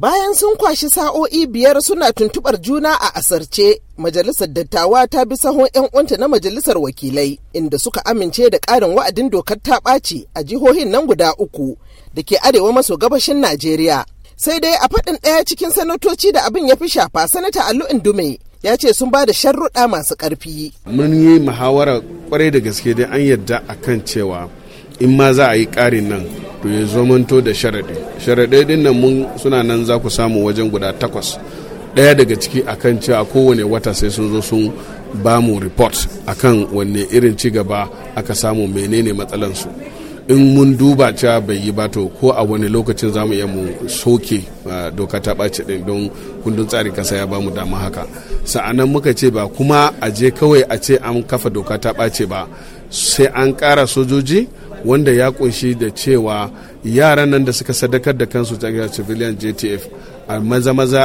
Bayan sun kwashi sa'o'i biyar suna tuntubar juna a asarce, majalisar dattawa ta bi sahun 'yan unta na majalisar wakilai, inda suka amince da ƙarin wa'adin dokar ta ɓaci a jihohin nan guda uku da ke arewa maso gabashin Najeriya. Sai dai a faɗin ɗaya cikin sanatoci da abin ya fi shafa, sanata Allu Indume ya ce sun ba da sharruɗa masu ƙarfi. Mun yi muhawara kwarai da gaske dai an yadda akan cewa in ma za a yi ƙarin nan to ya zamanto da sharaɗi sharaɗe din nan mun suna nan za ku samu wajen guda takwas ɗaya daga ciki akan cewa kowane wata sai sun zo sun ba mu report akan wanne irin cigaba gaba aka samu menene matsalansu in mun duba cewa bai yi ba to ko a wani lokacin za mu iya mu soke doka ta ɓace ɗin don kundin tsarin kasa ya ba mu dama haka sa'anan muka ce ba kuma a je kawai a ce an kafa doka ta ɓace ba sai an ƙara sojoji wanda ya kunshi da cewa yaran nan da suka sadakar da kansu daga civilian jtf a maza-maza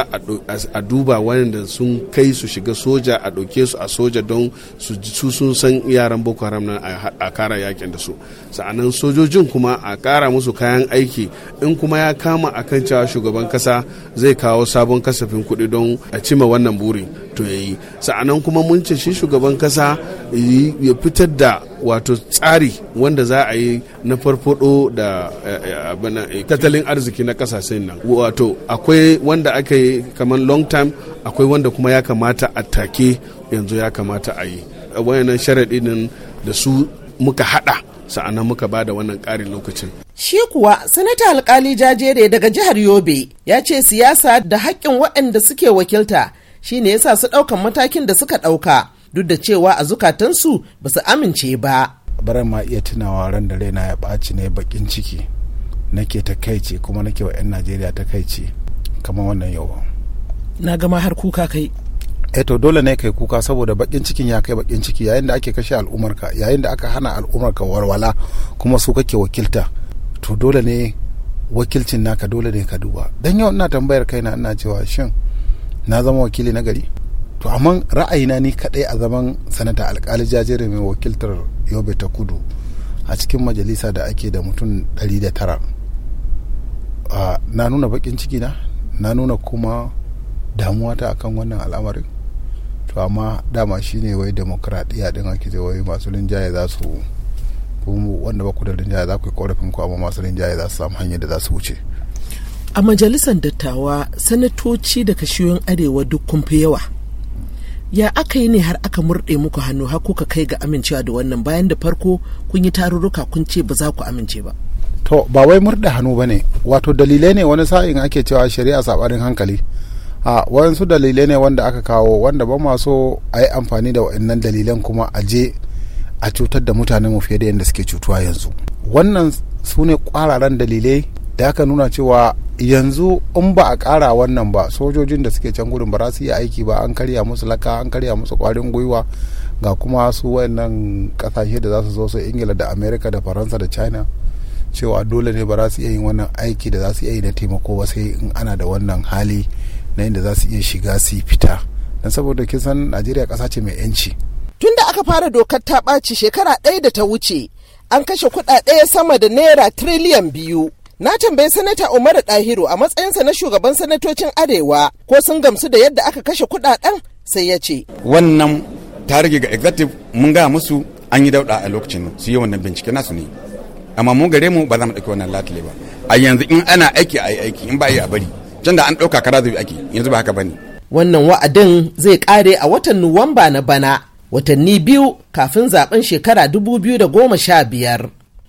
a duba wanda sun kai su shiga soja a ɗauke su a soja don su sun san yaran boko haram nan a kara yakin da su sa'anan sojojin kuma a kara musu kayan aiki in kuma ya kama a kan cewa shugaban kasa zai kawo sabon kasafin kuɗi don a cima wannan burin to yayi sa'anan kuma mun ce shi shugaban kasa ya fitar da wato tsari wanda za a yi na farfado da eh, eh, eh, tattalin arziki na kasashen nan wato akwai wanda aka yi kamar long time akwai wanda kuma ya kamata a take yanzu ya kamata a yi wayannan sharaɗi da su muka haɗa sa'anan muka ba da wannan ƙarin lokacin. Shi kuwa sanata alkali jajere daga jihar Yobe ya ce siyasa da haƙƙin waɗanda suke wakilta shine yasa su ɗaukan matakin da suka ɗauka. duk da cewa a zukatansu ba su amince ba bara ma iya tunawa ran da raina ya ɓaci ne bakin ciki nake ta kai ce kuma nake wa 'yan najeriya ta kai ce kamar wannan yau na gama har kuka kai eh to dole ne kai kuka saboda bakin cikin ya kai bakin ciki yayin da ake kashe al'umarka yayin da aka hana al'umarka warwala kuma su kake wakilta to dole ne wakilcin naka dole ne ka duba dan yau ina tambayar kaina ina cewa shin na zama wakili na gari to amma ra'ayina ni kadai a zaman sanata alkali jajere mai wakiltar yobe ta kudu a cikin majalisa da ake da mutum 109 na nuna bakin ciki na na nuna kuma damuwa ta akan wannan al'amarin to amma dama shine wai demokradiyya din ake je wai masu linjaye za su wanda baku da linjaye za ku yi korafin ku amma masu linjaye za su samu hanyar da za su wuce a majalisar dattawa sanatoci da kashiyoyin arewa duk kun fi yawa ya aka yi ne har aka murɗe muku hannu har kuka kai ga amincewa da wannan bayan da farko kun yi tarurruka kun ce ba za ku amince ba to ba wai murɗe hannu ba ne wato dalilai ne wani sa'in ake cewa shari'a saɓarin hankali a waɗansu dalilai ne wanda aka kawo wanda ba masu a yi amfani da waɗannan dalilan kuma a je a cutar da mutane mu fiye da yadda suke cutuwa yanzu wannan su ne dalilai da aka nuna cewa yanzu in ba a kara wannan ba sojojin da suke can gudun ba za su iya aiki ba an karya musu laka an karya musu kwarin gwiwa ga kuma su wayannan kasashe da za su zo su ingila da amerika da faransa da china cewa dole ne ba za su iya wannan aiki da za su yi na taimako ba sai in ana da wannan hali na inda za su iya shiga su fita dan saboda kin san najeriya kasa ce mai yanci tun da aka fara dokar ta ɓaci shekara ɗaya da ta wuce an kashe kuɗaɗe sama da naira tiriliyan biyu Na tambayi Sanata Umaru Dahiru a matsayinsa na shugaban sanatocin Arewa ko sun gamsu da yadda aka kashe kudaden sai ya ce. Wannan ta rage ga executive mun gaya musu an yi dauɗa a lokacin su yi wannan bincike nasu ne. Amma mu gare mu ba za mu ɗauki wannan latile ba. A yanzu in ana aiki a yi aiki in ba yi a bari. Can da an ɗauka kara zai aiki yanzu ba haka ba ne. Wannan wa'adin zai ƙare a watan Nuwamba na bana watanni biyu kafin zaben shekara 2015.